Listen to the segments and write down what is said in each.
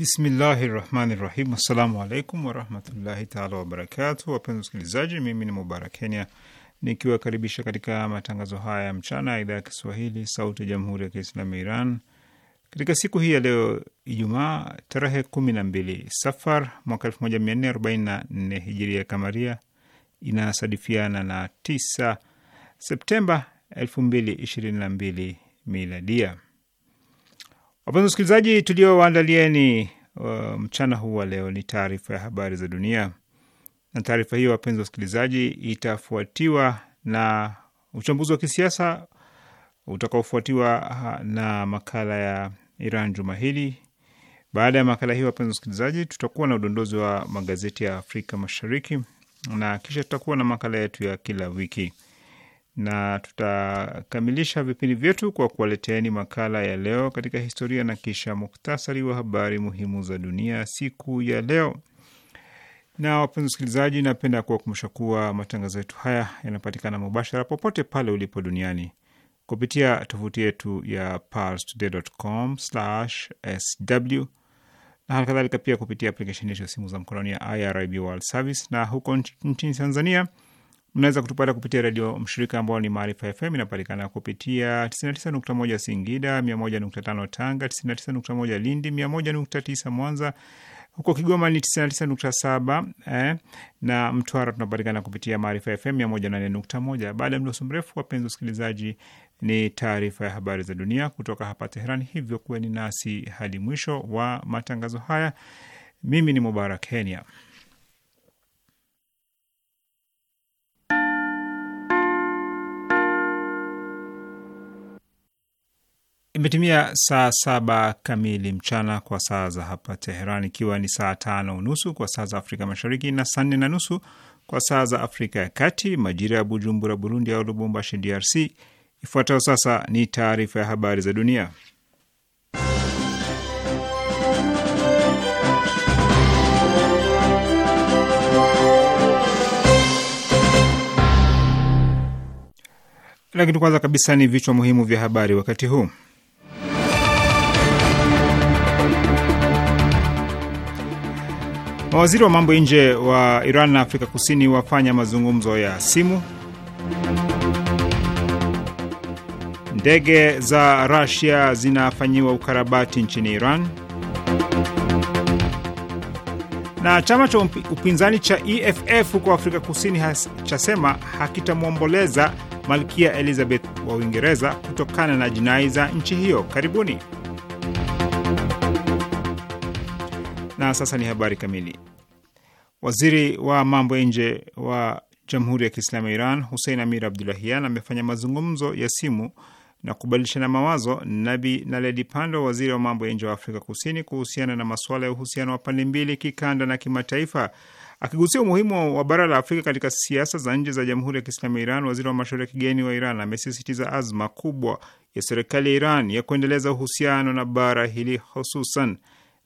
Bismillahi rahmani rahim. Assalamu alaikum warahmatullahi taala wabarakatu. Wapenzi wasikilizaji, mimi ni Mubarak Kenya nikiwakaribisha katika matangazo haya ya mchana ya idhaa ya Kiswahili sauti ya jamhuri ya Kiislamu ya Iran katika siku hii ya leo Ijumaa tarehe kumi na mbili Safar mwaka elfu moja mia nne arobaini na nne hijiria kamaria inasadifiana na 9 Septemba elfu mbili ishirini na mbili miladia. Wapenzi wasikilizaji, tuliowaandalieni uh, mchana huu wa leo ni taarifa ya habari za dunia, na taarifa hiyo wapenzi wasikilizaji, itafuatiwa na uchambuzi wa kisiasa utakaofuatiwa uh, na makala ya Iran juma hili. Baada ya makala hiyo, wapenzi wasikilizaji, tutakuwa na udondozi wa magazeti ya Afrika Mashariki na kisha tutakuwa na makala yetu ya kila wiki na tutakamilisha vipindi vyetu kwa kuwaleteeni makala ya leo katika historia na kisha muktasari wa habari muhimu za dunia siku ya leo. Na wapenzi wasikilizaji, napenda kuwakumbusha kuwa matangazo yetu haya yanapatikana mubashara popote pale ulipo duniani kupitia tovuti yetu ya parstoday.com/sw na hali kadhalika pia kupitia aplikesheni yetu ya simu za mkononi ya IRIB World Service, na huko nchini Tanzania Mnaweza kutupata kupitia redio mshirika ambao ni Maarifa FM, inapatikana kupitia 99.1 Singida, 101.5 Tanga, 99.1 Lindi, 101.9 Mwanza, huko Kigoma ni 99.7 eh, na Mtwara tunapatikana kupitia Maarifa FM 108.1. Baada ya mdoso mrefu, wapenzi wasikilizaji, ni taarifa ya habari za dunia kutoka hapa Teheran, hivyo kuweni nasi hadi mwisho wa matangazo haya. Mimi ni Mubarak Kenya. Imetimia saa saba kamili mchana kwa saa za hapa Teheran, ikiwa ni saa tano unusu kwa saa za Afrika Mashariki na saa nne na nusu kwa saa za Afrika ya Kati, majira ya Bujumbura, Burundi, au Lubumbashi, DRC. Ifuatayo sasa ni taarifa ya habari za dunia, lakini kwanza kabisa ni vichwa muhimu vya habari wakati huu. Mawaziri wa mambo ya nje wa Iran na Afrika Kusini wafanya mazungumzo ya simu. Ndege za Rasia zinafanyiwa ukarabati nchini Iran. Na chama cha upinzani cha EFF huko Afrika Kusini chasema hakitamwomboleza Malkia Elizabeth wa Uingereza kutokana na jinai za nchi hiyo. Karibuni. Na sasa ni habari kamili. Waziri wa mambo ya nje wa Jamhuri ya Kiislamu ya Iran Hussein Amir Abdulahian amefanya mazungumzo ya simu na kubadilishana mawazo Nabi Naledi pando waziri wa mambo ya nje wa Afrika Kusini, kuhusiana na masuala ya uhusiano wa pande mbili, kikanda na kimataifa. Akigusia umuhimu wa bara la Afrika katika siasa za nje za Jamhuri ya Kiislamu ya Iran, waziri wa mashauri ya kigeni wa Iran amesisitiza azma kubwa ya serikali ya Iran ya kuendeleza uhusiano na bara hili, hususan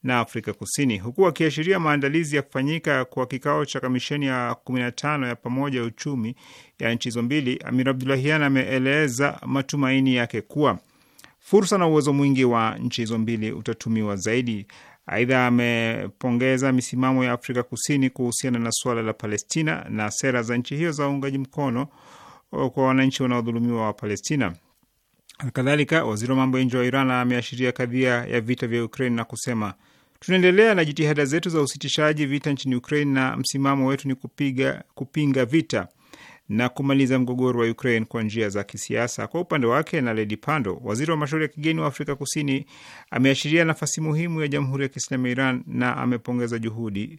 na Afrika Kusini, huku akiashiria maandalizi ya kufanyika kwa kikao cha kamisheni ya 15 ya pamoja ya uchumi ya nchi hizo mbili. Amir Abdulahian ameeleza matumaini yake kuwa fursa na uwezo mwingi wa nchi hizo mbili utatumiwa zaidi. Aidha, amepongeza misimamo ya Afrika Kusini kuhusiana na suala la Palestina na sera za nchi hiyo za uungaji mkono kwa wananchi wanaodhulumiwa wa Palestina. Kadhalika, waziri wa mambo ya nje wa Iran ameashiria kadhia ya vita vya Ukraine na kusema Tunaendelea na jitihada zetu za usitishaji vita nchini Ukraine na msimamo wetu ni kupiga, kupinga vita na kumaliza mgogoro wa Ukraine kwa njia za kisiasa. Kwa upande wake, na Ledi Pando, waziri wa mashauri ya kigeni wa Afrika Kusini, ameashiria nafasi muhimu ya Jamhuri ya Kiislamu ya Iran na amepongeza juhudi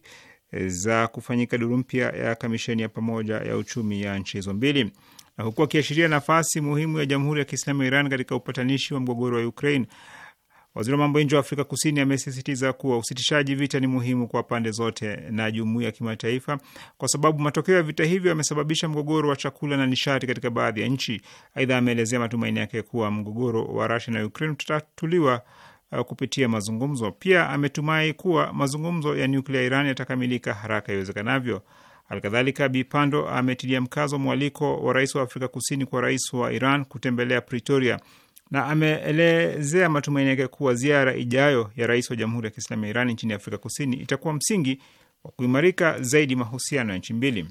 eh, za kufanyika duru mpya ya kamisheni ya pamoja ya uchumi ya nchi hizo mbili, na huku akiashiria nafasi muhimu ya Jamhuri ya Kiislamu ya Iran katika upatanishi wa mgogoro wa Ukraine, Waziri wa mambo nje wa Afrika Kusini amesisitiza kuwa usitishaji vita ni muhimu kwa pande zote na jumuiya ya kimataifa, kwa sababu matokeo ya vita hivyo yamesababisha mgogoro wa chakula na nishati katika baadhi ya nchi. Aidha, ameelezea matumaini yake kuwa mgogoro wa Rusia na Ukraine utatuliwa uh, kupitia mazungumzo. Pia ametumai kuwa mazungumzo ya nyuklia ya Iran yatakamilika haraka iwezekanavyo. Alkadhalika, Bipando ametilia mkazo mwaliko wa rais wa Afrika Kusini kwa rais wa Iran kutembelea Pretoria na ameelezea matumaini yake kuwa ziara ijayo ya rais wa Jamhuri ya Kiislamu ya Iran nchini Afrika Kusini itakuwa msingi wa kuimarika zaidi mahusiano ya nchi mbili.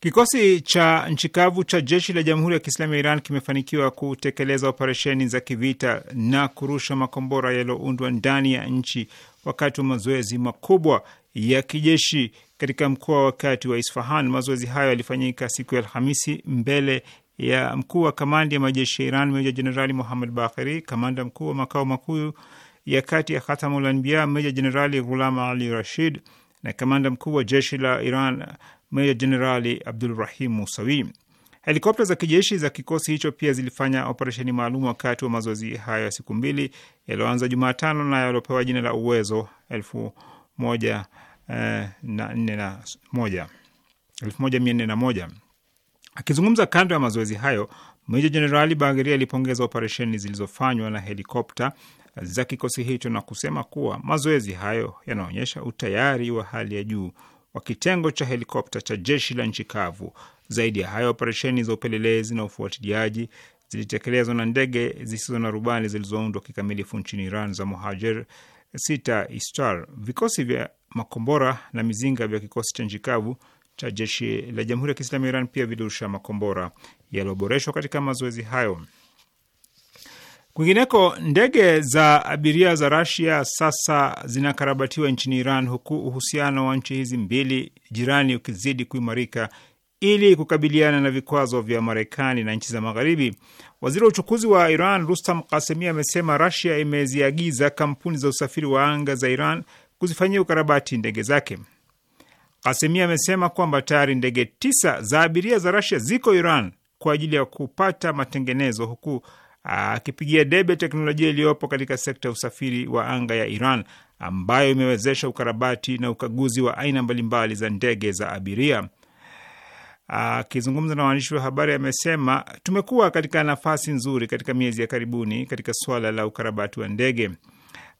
Kikosi cha nchi kavu cha jeshi la Jamhuri ya Kiislamu ya Iran kimefanikiwa kutekeleza operesheni za kivita na kurusha makombora yaliyoundwa ndani ya nchi wakati wa mazoezi makubwa ya kijeshi katika mkoa wa kati wa Isfahan. Mazoezi hayo yalifanyika siku ya Alhamisi mbele ya mkuu wa kamandi ya majeshi ya Iran meja jenerali Muhammad Bakhiri, kamanda mkuu wa makao makuu ya kati ya Khatamul Anbiya meja jenerali Ghulam Ali Rashid na kamanda mkuu wa jeshi la Iran meja jenerali Abdulrahim Musawi. Helikopta za kijeshi za kikosi hicho pia zilifanya operesheni maalum wakati wa mazoezi hayo ya siku mbili yaliyoanza Jumatano na yaliopewa jina la Uwezo elfu moja eh, na nne na moja elfu moja mia nne na moja Akizungumza kando ya mazoezi hayo, meja jenerali Bageria alipongeza operesheni zilizofanywa na helikopta za kikosi hicho na kusema kuwa mazoezi hayo yanaonyesha utayari wa hali ya juu wa kitengo cha helikopta cha jeshi la nchi kavu. Zaidi ya hayo, operesheni za upelelezi na ufuatiliaji zilitekelezwa na ndege zisizo na rubani zilizoundwa kikamilifu nchini Iran za Mohajer sita Istar. Vikosi vya makombora na mizinga vya kikosi cha nchi kavu cha jeshi la Jamhuri ya Kiislamu ya Iran pia vilirusha makombora yaliyoboreshwa katika mazoezi hayo. Kwingineko, ndege za abiria za Rasia sasa zinakarabatiwa nchini Iran, huku uhusiano wa nchi hizi mbili jirani ukizidi kuimarika ili kukabiliana na vikwazo vya Marekani na nchi za Magharibi. Waziri wa uchukuzi wa Iran Rustam Kasemi amesema Rasia imeziagiza kampuni za usafiri wa anga za Iran kuzifanyia ukarabati ndege zake. Kasemi amesema kwamba tayari ndege tisa za abiria za Rasia ziko Iran kwa ajili ya kupata matengenezo, huku akipigia debe teknolojia iliyopo katika sekta ya usafiri wa anga ya Iran ambayo imewezesha ukarabati na ukaguzi wa aina mbalimbali za ndege za abiria. Akizungumza na waandishi wa habari amesema, tumekuwa katika nafasi nzuri katika miezi ya karibuni katika suala la ukarabati wa ndege.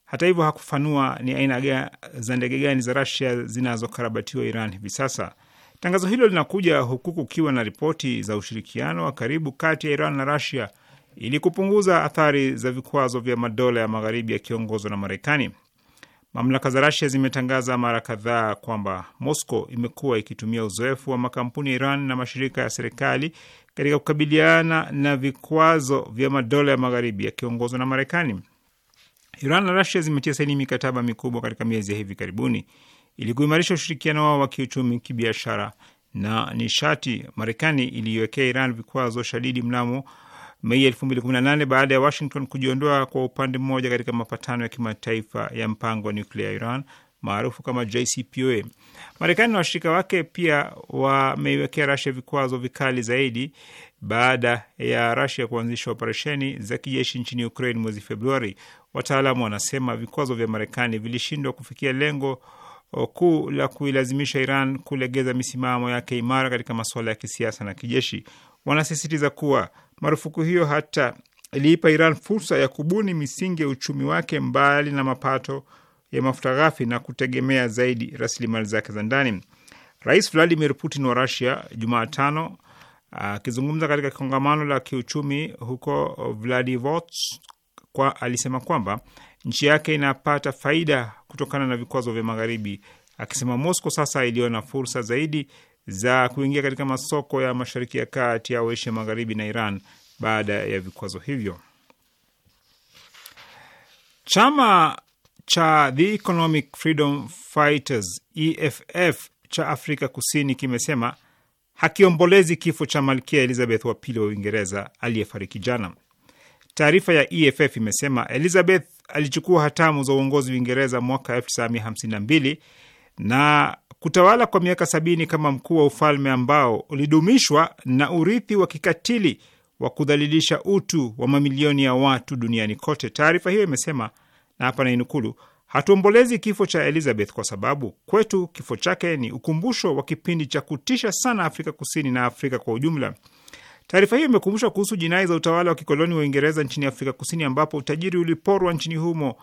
Hata hivyo hakufanua ni aina za ndege gani za Rasia zinazokarabatiwa Iran hivi sasa. Tangazo hilo linakuja huku kukiwa na ripoti za ushirikiano wa karibu kati ya Iran na Rasia ili kupunguza athari za vikwazo vya madola ya magharibi yakiongozwa na Marekani. Mamlaka za Rasia zimetangaza mara kadhaa kwamba Moscow imekuwa ikitumia uzoefu wa makampuni ya Iran na mashirika ya serikali katika kukabiliana na vikwazo vya madola ya magharibi yakiongozwa na Marekani. Iran na Rasia zimetia saini mikataba mikubwa katika miezi ya hivi karibuni ili kuimarisha ushirikiano wao wa kiuchumi, kibiashara na nishati. Marekani iliiwekea Iran vikwazo shadidi mnamo Mei 2018 baada ya Washington kujiondoa kwa upande mmoja katika mapatano ya kimataifa ya mpango wa nuklea Iran maarufu kama JCPOA. Marekani na washirika wake pia wameiwekea Rasia vikwazo vikali zaidi baada ya Rasia kuanzisha operesheni za kijeshi nchini Ukraine mwezi Februari. Wataalamu wanasema vikwazo vya Marekani vilishindwa kufikia lengo kuu la kuilazimisha Iran kulegeza misimamo yake imara katika masuala ya kisiasa na kijeshi. Wanasisitiza kuwa marufuku hiyo hata iliipa Iran fursa ya kubuni misingi ya uchumi wake mbali na mapato ya mafuta ghafi na kutegemea zaidi rasilimali zake za ndani. Rais Vladimir Putin wa Rusia Jumatano akizungumza katika kongamano la kiuchumi huko Vladivostok kwa alisema kwamba nchi yake inapata faida kutokana na vikwazo vya Magharibi, akisema Moscow sasa iliona fursa zaidi za kuingia katika masoko ya Mashariki ya Kati au Asia Magharibi na Iran baada ya vikwazo hivyo. Chama cha The Economic Freedom Fighters EFF cha Afrika Kusini kimesema hakiombolezi kifo cha Malkia Elizabeth wa pili wa Uingereza aliyefariki jana. Taarifa ya EFF imesema Elizabeth alichukua hatamu za uongozi Uingereza mwaka 1952 na kutawala kwa miaka sabini kama mkuu wa ufalme ambao ulidumishwa na urithi wa kikatili wa kudhalilisha utu wa mamilioni ya watu duniani kote. Taarifa hiyo imesema, na hapa nainukulu, hatuombolezi kifo cha Elizabeth kwa sababu kwetu kifo chake ni ukumbusho wa kipindi cha kutisha sana Afrika Kusini na Afrika kwa ujumla Taarifa hiyo imekumbusha kuhusu jinai za utawala wa kikoloni wa Uingereza nchini Afrika Kusini, ambapo utajiri uliporwa nchini humo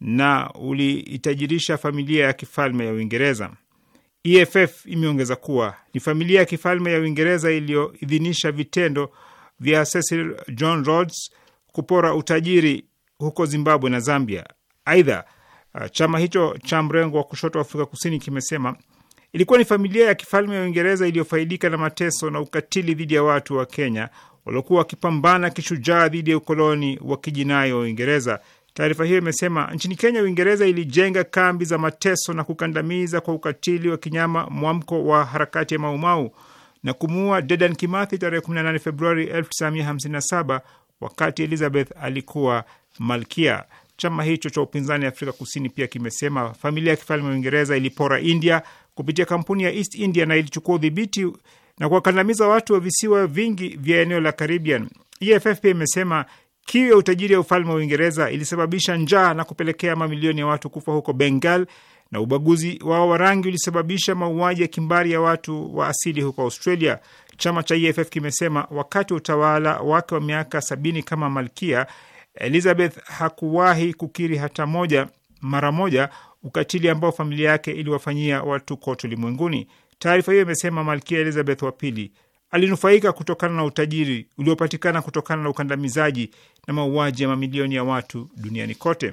na uliitajirisha familia ya kifalme ya Uingereza. EFF imeongeza kuwa ni familia ya kifalme ya Uingereza iliyoidhinisha vitendo vya Cecil John Rhodes kupora utajiri huko Zimbabwe na Zambia. Aidha, uh, chama hicho cha mrengo wa kushoto wa Afrika Kusini kimesema Ilikuwa ni familia ya kifalme ya Uingereza iliyofaidika na mateso na ukatili dhidi ya watu wa Kenya waliokuwa wakipambana kishujaa dhidi ya ukoloni wa kijinai wa Uingereza. Taarifa hiyo imesema nchini Kenya, Uingereza ilijenga kambi za mateso na kukandamiza kwa ukatili wa kinyama mwamko wa harakati ya Maumau na kumuua Dedan Kimathi tarehe 18 Februari 1957 wakati Elizabeth alikuwa malkia. Chama hicho cha upinzani Afrika Kusini pia kimesema familia ya kifalme ya Uingereza ilipora India, kupitia kampuni ya East India na ilichukua udhibiti na kuwakandamiza watu wa visiwa vingi vya eneo la Caribbean. EFF pia imesema kiu ya utajiri ya ufalme wa Uingereza ilisababisha njaa na kupelekea mamilioni ya watu kufa huko Bengal, na ubaguzi wao wa rangi ulisababisha mauaji ya kimbari ya watu wa asili huko Australia. Chama cha EFF kimesema wakati wa utawala wake wa miaka sabini kama malkia Elizabeth hakuwahi kukiri hata moja mara moja ukatili ambao familia yake iliwafanyia watu kote ulimwenguni. Taarifa hiyo imesema Malkia Elizabeth wa pili alinufaika kutokana na utajiri uliopatikana kutokana na ukandamizaji na mauaji ya mamilioni ya watu duniani kote.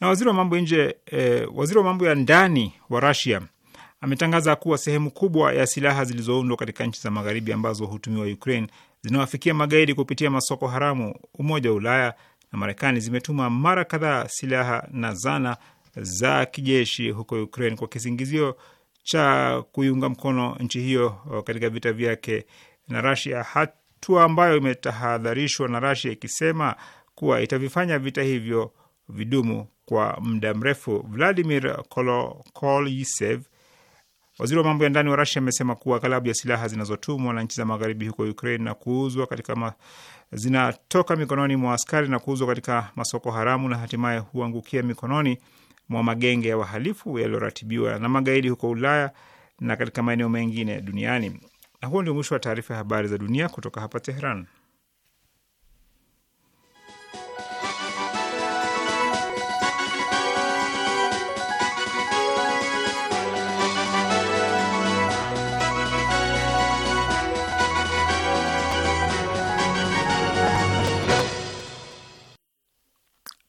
Na waziri wa mambo nje eh, waziri wa mambo ya ndani wa Russia ametangaza kuwa sehemu kubwa ya silaha zilizoundwa katika nchi za magharibi ambazo hutumiwa Ukraine zinawafikia magaidi kupitia masoko haramu. Umoja wa Ulaya na Marekani zimetuma mara kadhaa silaha na zana za kijeshi huko Ukraine kwa kisingizio cha kuiunga mkono nchi hiyo uh, katika vita vyake na Rasia, hatua ambayo imetahadharishwa na Rasia ikisema kuwa itavifanya vita hivyo vidumu kwa muda mrefu. Vladimir Kolokolisev, waziri wa mambo ya ndani wa Rasia, amesema kuwa kalabu ya silaha zinazotumwa na nchi za magharibi huko Ukraine na kuuzwa katika ma... zinatoka mikononi mwa askari na kuuzwa katika masoko haramu na hatimaye huangukia mikononi mwa magenge ya wahalifu yaliyoratibiwa na magaidi huko Ulaya na katika maeneo mengine duniani. Na huo ndio mwisho wa taarifa ya habari za dunia kutoka hapa teheran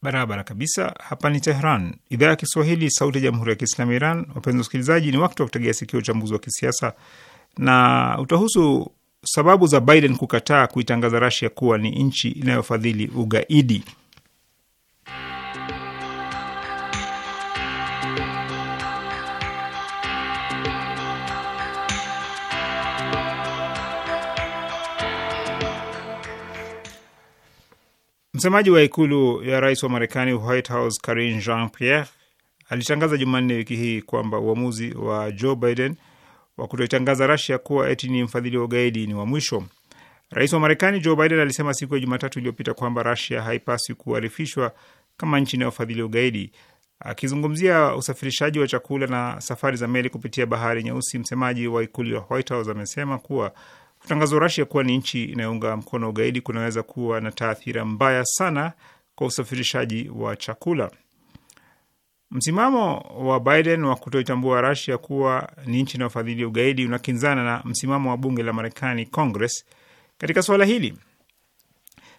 barabara kabisa. Hapa ni Tehran, idhaa ya Kiswahili, sauti ya jamhuri ya kiislamu Iran. Wapenzi wasikilizaji, ni wakati wa kutegea sikio uchambuzi wa kisiasa na utahusu sababu za Biden kukataa kuitangaza Rasia kuwa ni nchi inayofadhili ugaidi. Msemaji wa ikulu ya rais wa Marekani, White House, Karine Jean Pierre alitangaza Jumanne wiki hii kwamba uamuzi wa Joe Biden wa kutoitangaza Rasia kuwa eti ni mfadhili wa ugaidi ni wa mwisho. Rais wa Marekani Joe Biden alisema siku ya Jumatatu iliyopita kwamba Rasia haipaswi kuarifishwa kama nchi inayofadhili ugaidi. Akizungumzia usafirishaji wa chakula na safari za meli kupitia bahari nyeusi, msemaji wa ikulu ya White House amesema kuwa Tangazo Rasia kuwa ni nchi inayounga mkono ugaidi kunaweza kuwa na taathira mbaya sana kwa usafirishaji wa chakula. Msimamo wa Biden wa kutoitambua Rasia kuwa ni nchi inayofadhili ugaidi unakinzana na msimamo wa bunge la Marekani, Congress, katika suala hili.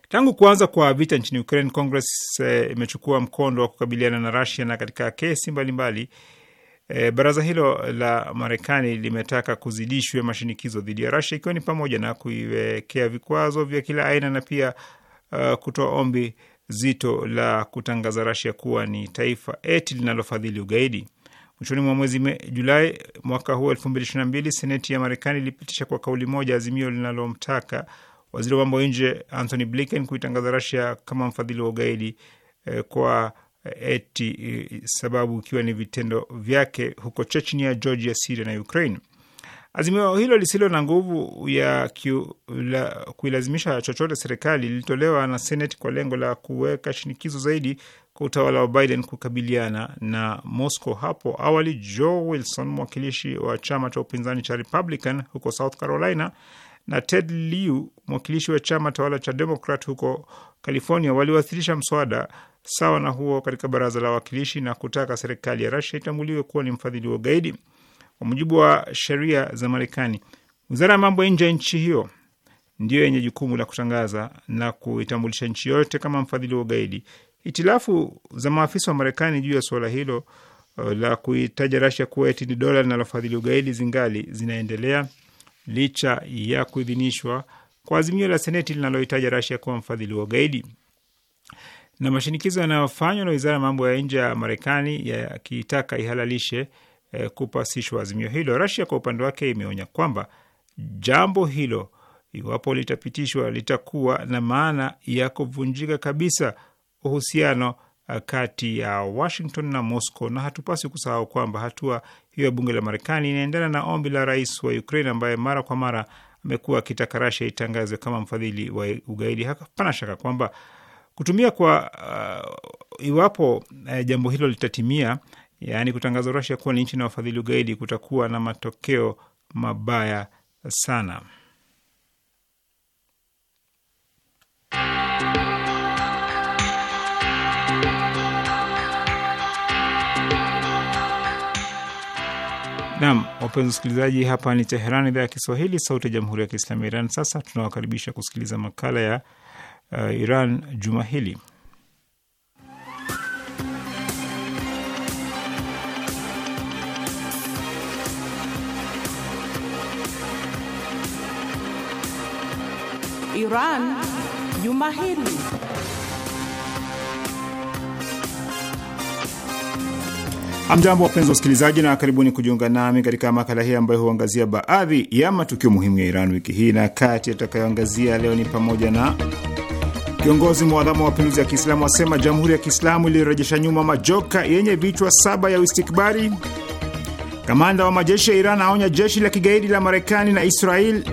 Tangu kuanza kwa vita nchini Ukraine, Congress eh, imechukua mkondo wa kukabiliana na Rasia na katika kesi mbalimbali mbali, E, baraza hilo la Marekani limetaka kuzidishwe mashinikizo dhidi ya Russia ikiwa ni pamoja na kuiwekea vikwazo vya kila aina na pia uh, kutoa ombi zito la kutangaza Russia kuwa ni taifa eti linalofadhili ugaidi. Mwishoni mwa mwezi Julai mwaka huu 2022 seneti ya Marekani ilipitisha kwa kauli moja azimio linalomtaka waziri wa mambo ya nje Anthony Blinken kuitangaza Russia kama mfadhili wa ugaidi eh, kwa eti e, sababu ikiwa ni vitendo vyake huko Chechnia, Georgia, Siria na Ukraine. Azimio hilo lisilo na nguvu ya kuilazimisha chochote serikali lilitolewa na Seneti kwa lengo la kuweka shinikizo zaidi kwa utawala wa Biden kukabiliana na Moscow. Hapo awali, Joe Wilson, mwakilishi wa chama cha upinzani cha Republican huko South Carolina, na Ted Lieu, mwakilishi wa chama tawala cha Democrat huko California, waliwasilisha mswada sawa na huo katika baraza la wawakilishi na kutaka serikali ya Rasia itambuliwe kuwa ni mfadhili wa ugaidi kwa mujibu wa sheria za Marekani. Wizara ya mambo ya nje ya nchi hiyo ndiyo yenye jukumu la kutangaza na kuitambulisha nchi yote kama mfadhili wa ugaidi. Itilafu za maafisa wa Marekani juu ya suala hilo uh, la kuitaja Rasia kuwa eti ni dola linalofadhili ugaidi zingali zinaendelea licha ya kuidhinishwa kwa azimio la Seneti linaloitaja Rasia kuwa mfadhili wa ugaidi na mashinikizo yanayofanywa na wizara ya mambo ya nje ya Marekani yakitaka ihalalishe e, kupasishwa azimio hilo. Rasia kwa upande wake imeonya kwamba jambo hilo iwapo litapitishwa litakuwa na maana ya kuvunjika kabisa uhusiano eh, kati ya Washington na Moscow, na hatupasi kusahau kwamba hatua hiyo ya bunge la Marekani inaendana na ombi la rais wa Ukraine ambaye mara kwa mara amekuwa akitaka Rasia itangazwe kama mfadhili wa ugaidi. Hapana shaka kwamba kutumia kwa uh, iwapo uh, jambo hilo litatimia, yaani kutangaza Rusia kuwa ni nchi na wafadhili ugaidi kutakuwa na matokeo mabaya sana. Nam, wapenzi wasikilizaji, hapa ni Teheran, idhaa ya Kiswahili, sauti ya jamhuri ya kiislamu ya Iran. Sasa tunawakaribisha kusikiliza makala ya uh, Iran juma hili. Iran juma hili. Amjambo, wapenzi wasikilizaji, na karibuni kujiunga nami katika makala hii ambayo huangazia baadhi ya matukio muhimu ya Iran wiki hii, na kati yatakayoangazia leo ni pamoja na kiongozi mwadhamu wa mapinduzi ya Kiislamu asema jamhuri ya Kiislamu iliyorejesha nyuma majoka yenye vichwa saba ya uistikbari. Kamanda wa majeshi ya Iran aonya jeshi la kigaidi la Marekani na Israel.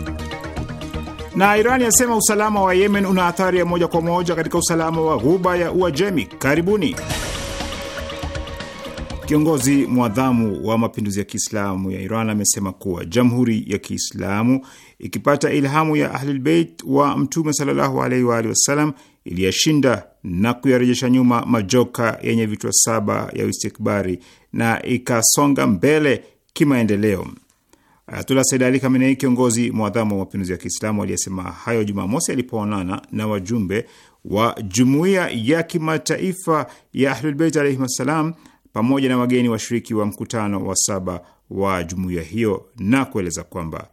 Na Iran yasema usalama wa Yemen una athari ya moja kwa moja katika usalama wa ghuba ya Uajemi. Karibuni. Kiongozi mwadhamu wa mapinduzi ya Kiislamu ya Iran amesema kuwa jamhuri ya Kiislamu ikipata ilhamu ya Ahlulbeit wa Mtume sallallahu alaihi wasallam iliyashinda na kuyarejesha nyuma majoka yenye vichwa saba ya uistikbari na ikasonga mbele kimaendeleo. Ayatullah Said Ali Khamenei, kiongozi mwadhamu wa mapinduzi ya Kiislamu, aliyesema hayo Jumamosi alipoonana na wajumbe wa jumuiya ya kimataifa ya Ahlulbeit alaihim wassalam pamoja na wageni washiriki wa mkutano wa saba wa jumuiya hiyo na kueleza kwamba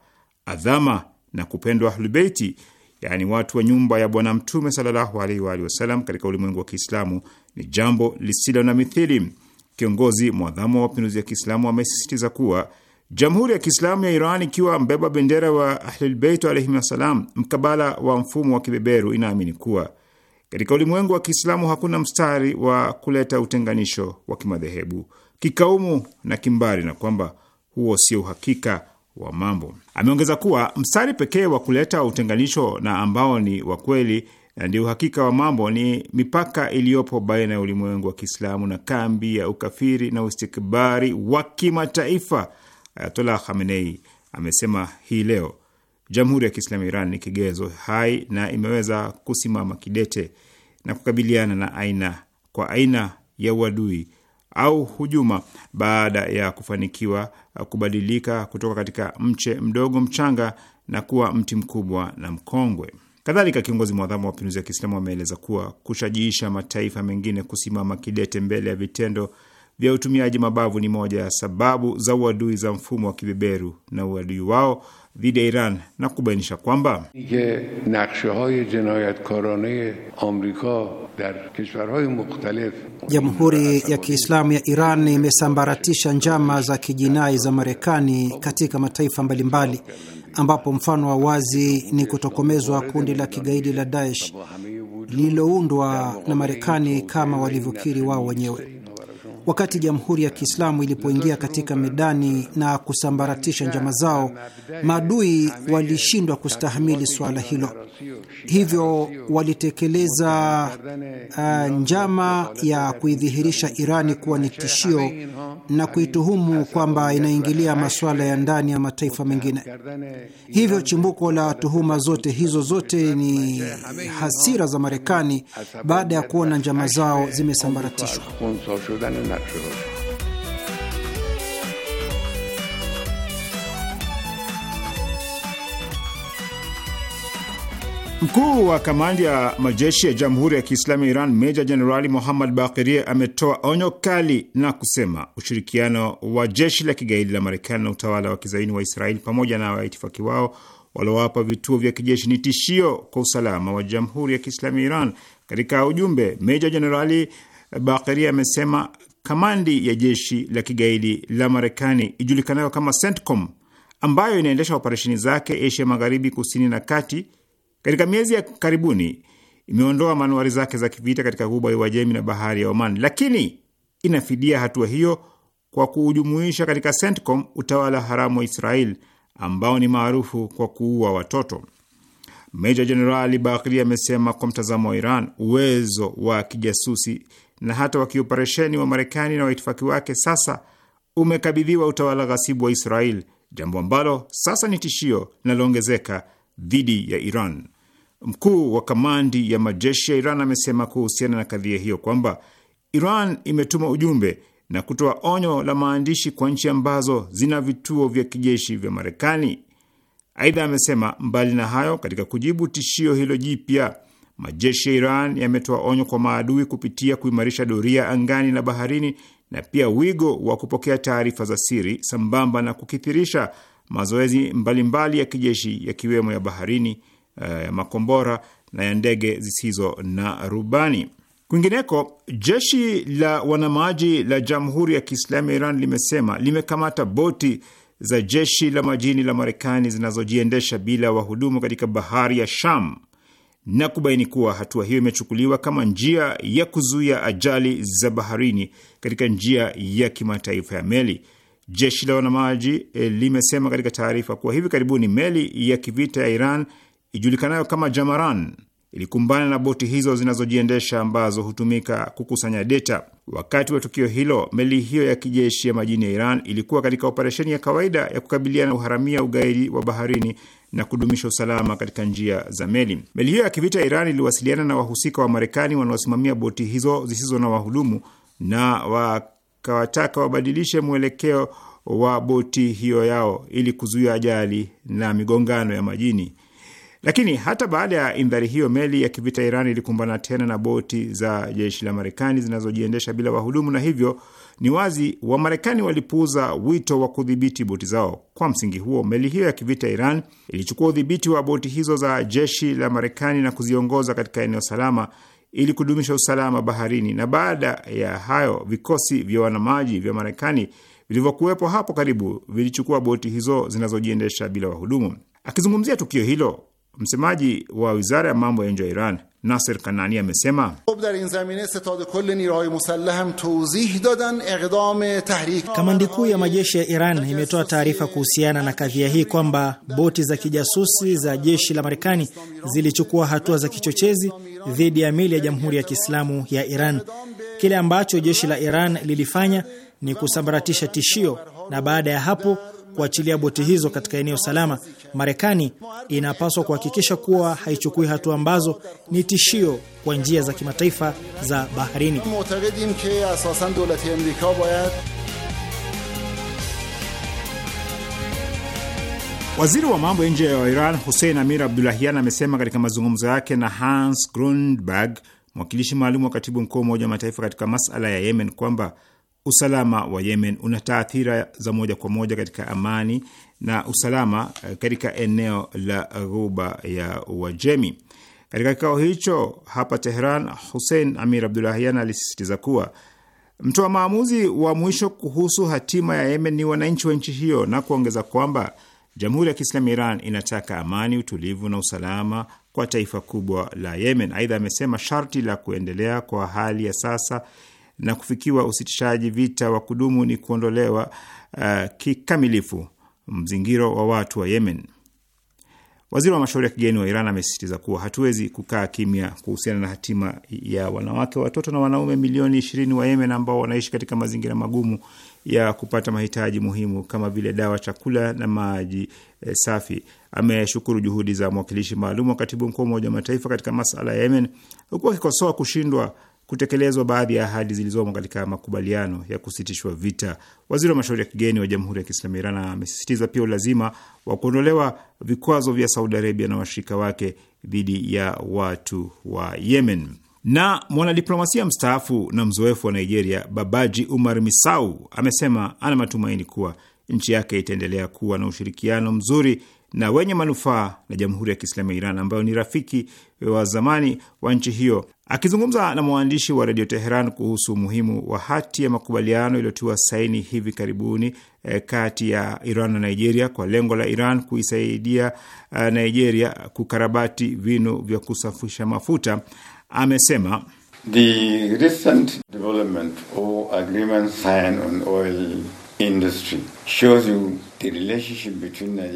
adhama na kupendwa Ahlubeiti, yaani watu wa nyumba ya Bwana Mtume sallallahu alaihi wasallam katika ulimwengu wa Kiislamu ni jambo lisilo na mithili. Kiongozi mwadhamu wa mapinduzi ya Kiislamu amesisitiza kuwa Jamhuri ya Kiislamu ya Iran ikiwa mbeba bendera wa Ahlulbeit alaihim wassalam, mkabala wa mfumo wa kibeberu, inaamini kuwa katika ulimwengu wa Kiislamu hakuna mstari wa kuleta utenganisho wa kimadhehebu, kikaumu na kimbari, na kwamba huo sio uhakika wa mambo. Ameongeza kuwa mstari pekee wa kuleta utenganisho na ambao ni wa kweli na ndio uhakika wa mambo ni mipaka iliyopo baina ya ulimwengu wa Kiislamu na kambi ya ukafiri na ustikbari wa kimataifa. Ayatollah Khamenei amesema hii leo Jamhuri ya Kiislamu Iran ni kigezo hai na imeweza kusimama kidete na kukabiliana na aina kwa aina ya uadui au hujuma baada ya kufanikiwa uh, kubadilika kutoka katika mche mdogo mchanga na kuwa mti mkubwa na mkongwe. Kadhalika, kiongozi mwadhamu wa mapinduzi ya Kiislamu ameeleza kuwa kushajiisha mataifa mengine kusimama kidete mbele ya vitendo vya utumiaji mabavu ni moja ya sababu za uadui za mfumo wa kibeberu na uadui wao dhidi ya Iran na kubainisha kwamba Jamhuri ya Kiislamu ya Iran imesambaratisha njama za kijinai za Marekani katika mataifa mbalimbali ambapo mfano wa wazi ni kutokomezwa kundi la kigaidi la Daesh lililoundwa na Marekani kama walivyokiri wao wenyewe. Wakati Jamhuri ya Kiislamu ilipoingia katika medani na kusambaratisha njama zao, maadui walishindwa kustahamili suala hilo, hivyo walitekeleza uh, njama ya kuidhihirisha Irani kuwa ni tishio na kuituhumu kwamba inaingilia masuala ya ndani ya mataifa mengine. Hivyo chimbuko la tuhuma zote hizo zote ni hasira za Marekani baada ya kuona njama zao zimesambaratishwa natural. Mkuu wa kamandi ya majeshi ya Jamhuri ya Kiislamu ya Iran Meja Jenerali Muhammad Bakirie ametoa onyo kali na kusema ushirikiano wa jeshi la kigaidi la Marekani na utawala wa kizaini wa Israeli pamoja na waitifaki wao waliowapa vituo vya kijeshi ni tishio kwa usalama wa Jamhuri ya Kiislamu ya Iran. Katika ujumbe, Meja Jenerali Bakirie amesema kamandi ya jeshi la kigaidi la Marekani ijulikanayo kama CENTCOM ambayo inaendesha operesheni zake Asia Magharibi, kusini na kati. Katika miezi ya karibuni imeondoa manuari zake za kivita katika ghuba ya Uajemi na bahari ya Oman, lakini inafidia hatua hiyo kwa kuujumuisha katika CENTCOM utawala haramu wa Israel ambao ni maarufu kwa kuua watoto. Meja Jenerali Bakri amesema kwa mtazamo wa Iran, uwezo wa kijasusi na hata wa kioperesheni wa Marekani na waitifaki wake sasa umekabidhiwa utawala ghasibu wa Israel, jambo ambalo sasa ni tishio linaloongezeka dhidi ya Iran. Mkuu wa kamandi ya majeshi ya Iran amesema kuhusiana na kadhia hiyo kwamba Iran imetuma ujumbe na kutoa onyo la maandishi kwa nchi ambazo zina vituo vya kijeshi vya Marekani. Aidha amesema mbali na hayo, katika kujibu tishio hilo jipya Majeshi ya Iran yametoa onyo kwa maadui kupitia kuimarisha doria angani na baharini na pia wigo wa kupokea taarifa za siri sambamba na kukithirisha mazoezi mbalimbali mbali ya kijeshi yakiwemo ya baharini, eh, ya makombora na ya ndege zisizo na rubani. Kwingineko, jeshi la wanamaji la Jamhuri ya Kiislamu ya Iran limesema limekamata boti za jeshi la majini la Marekani zinazojiendesha bila wahudumu katika bahari ya Sham na kubaini kuwa hatua hiyo imechukuliwa kama njia ya kuzuia ajali za baharini katika njia ya kimataifa ya meli. Jeshi la wanamaji eh, limesema katika taarifa kuwa hivi karibuni meli ya kivita ya Iran ijulikanayo kama Jamaran ilikumbana na boti hizo zinazojiendesha ambazo hutumika kukusanya data. Wakati wa tukio hilo, meli hiyo ya kijeshi ya majini ya Iran ilikuwa katika operesheni ya kawaida ya kukabiliana na uharamia, ugaidi wa baharini na kudumisha usalama katika njia za meli. Meli hiyo ya kivita ya Iran iliwasiliana na wahusika wa Marekani wanaosimamia boti hizo zisizo na wahudumu na wakawataka wabadilishe mwelekeo wa boti hiyo yao ili kuzuia ajali na migongano ya majini. Lakini hata baada ya indhari hiyo, meli ya kivita Iran ilikumbana tena na boti za jeshi la Marekani zinazojiendesha bila wahudumu na hivyo ni wazi Wamarekani walipuuza wito wa kudhibiti boti zao. Kwa msingi huo, meli hiyo ya kivita ya Iran ilichukua udhibiti wa boti hizo za jeshi la Marekani na kuziongoza katika eneo salama ili kudumisha usalama baharini. Na baada ya hayo, vikosi vya wanamaji vya Marekani vilivyokuwepo hapo karibu vilichukua boti hizo zinazojiendesha bila wahudumu. Akizungumzia tukio hilo, msemaji wa wizara ya mambo ya nje ya Iran Naser Kanani amesema kamandi kuu ya majeshi ya Iran imetoa taarifa kuhusiana na kadhia hii kwamba boti za kijasusi za jeshi la Marekani zilichukua hatua za kichochezi dhidi ya mili ya Jamhuri ya Kiislamu ya Iran. Kile ambacho jeshi la Iran lilifanya ni kusambaratisha tishio na baada ya hapo kuachilia boti hizo katika eneo salama Marekani inapaswa kuhakikisha kuwa haichukui hatua ambazo ni tishio kwa njia za kimataifa za baharini. Waziri wa mambo ya nje wa Iran Hussein Amir Abdulahian amesema katika mazungumzo yake na Hans Grundberg, mwakilishi maalum wa katibu mkuu wa Umoja wa Mataifa katika masala ya Yemen, kwamba usalama wa Yemen una taathira za moja kwa moja katika amani na usalama eh, katika eneo la Ghuba ya Uajemi. Katika kikao hicho hapa Tehran, Hussein Amir Abdulahian alisisitiza kuwa mtoa maamuzi wa mwisho kuhusu hatima ya Yemen ni wananchi wa nchi hiyo, na kuongeza kwamba Jamhuri ya Kiislamu Iran inataka amani, utulivu na usalama kwa taifa kubwa la Yemen. Aidha, amesema sharti la kuendelea kwa hali ya sasa na kufikiwa usitishaji vita wa kudumu ni kuondolewa uh, kikamilifu mzingiro wa watu wa Yemen. Waziri wa mashauri ya kigeni wa Iran amesisitiza kuwa hatuwezi kukaa kimya kuhusiana na hatima ya wanawake, watoto na wanaume milioni ishirini wa Yemen ambao wanaishi katika mazingira magumu ya kupata mahitaji muhimu kama vile dawa, chakula na maji e, safi. Ameshukuru juhudi za mwakilishi maalum wa katibu mkuu wa Umoja wa Mataifa katika masala ya Yemen, huku akikosoa kushindwa kutekelezwa baadhi ya ahadi zilizomo katika makubaliano ya kusitishwa vita. Waziri wa mashauri ya kigeni wa Jamhuri ya Kiislamu Iran amesisitiza pia ulazima wa kuondolewa vikwazo vya Saudi Arabia na washirika wake dhidi ya watu wa Yemen. Na mwanadiplomasia mstaafu na mzoefu wa Nigeria Babaji Umar Misau amesema ana matumaini kuwa nchi yake itaendelea kuwa na ushirikiano mzuri na wenye manufaa na Jamhuri ya Kiislamu ya Iran ambayo ni rafiki wa zamani wa nchi hiyo Akizungumza na mwandishi wa redio Teheran kuhusu umuhimu wa hati ya makubaliano iliyotiwa saini hivi karibuni e, kati ya Iran na Nigeria kwa lengo la Iran kuisaidia uh, Nigeria kukarabati vinu vya kusafisha mafuta, amesema The recent development or agreement signed on oil industry shows you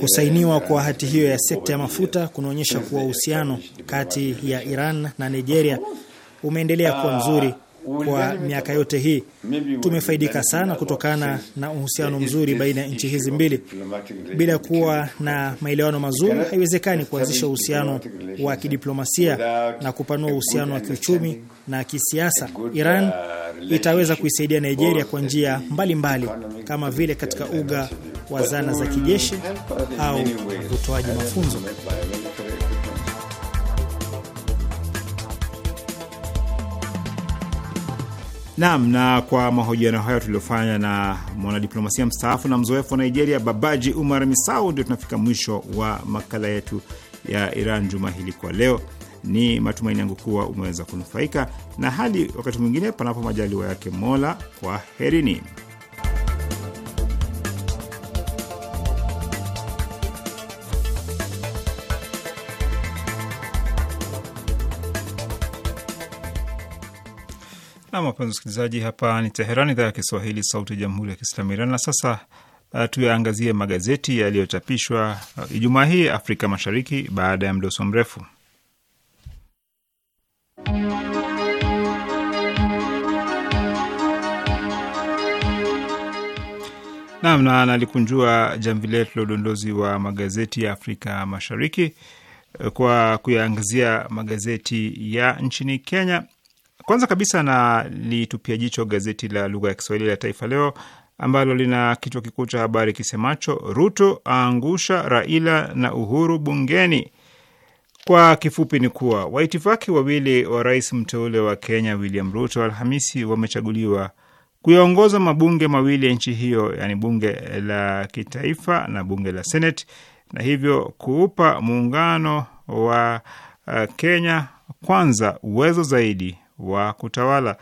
Kusainiwa kwa hati hiyo ya sekta ya mafuta kunaonyesha kuwa uhusiano kati ya Iran na Nigeria umeendelea kuwa ah, mzuri kwa miaka yote hii. Tumefaidika sana kutokana na uhusiano mzuri baina ya nchi hizi mbili. Bila kuwa na maelewano mazuri, haiwezekani kuanzisha uhusiano wa kidiplomasia na kupanua uhusiano wa kiuchumi na kisiasa. Iran uh, itaweza kuisaidia Nigeria kwa njia mbalimbali, kama vile katika uga wa zana za mm, kijeshi au utoaji mafunzo. Naam, na kwa mahojiano hayo tuliofanya na mwanadiplomasia mstaafu na mzoefu wa Nigeria Babaji Umar Misau, ndio tunafika mwisho wa makala yetu ya Iran juma hili kwa leo. Ni matumaini yangu kuwa umeweza kunufaika na hadi wakati mwingine, panapo majaliwa yake Mola, kwa herini. Na wapenzi wasikilizaji, hapa ni Teheran, idhaa ya Kiswahili, sauti ya jamhuri ya kiislamu Iran. Na sasa uh, tuyaangazie magazeti yaliyochapishwa uh, Ijumaa hii Afrika Mashariki, baada ya mdoso mrefu. Nam, na nalikunjua jamvi letu la udondozi wa magazeti ya Afrika Mashariki uh, kwa kuyaangazia magazeti ya nchini Kenya kwanza kabisa nalitupia jicho gazeti la lugha ya Kiswahili la Taifa Leo ambalo lina kichwa kikuu cha habari kisemacho Ruto aangusha Raila na Uhuru bungeni. Kwa kifupi ni kuwa waitifaki wawili wa rais mteule wa Kenya William Ruto Alhamisi wamechaguliwa kuyaongoza mabunge mawili ya nchi hiyo, yaani bunge la kitaifa na bunge la Senate, na hivyo kuupa muungano wa uh, Kenya kwanza uwezo zaidi wa kutawala.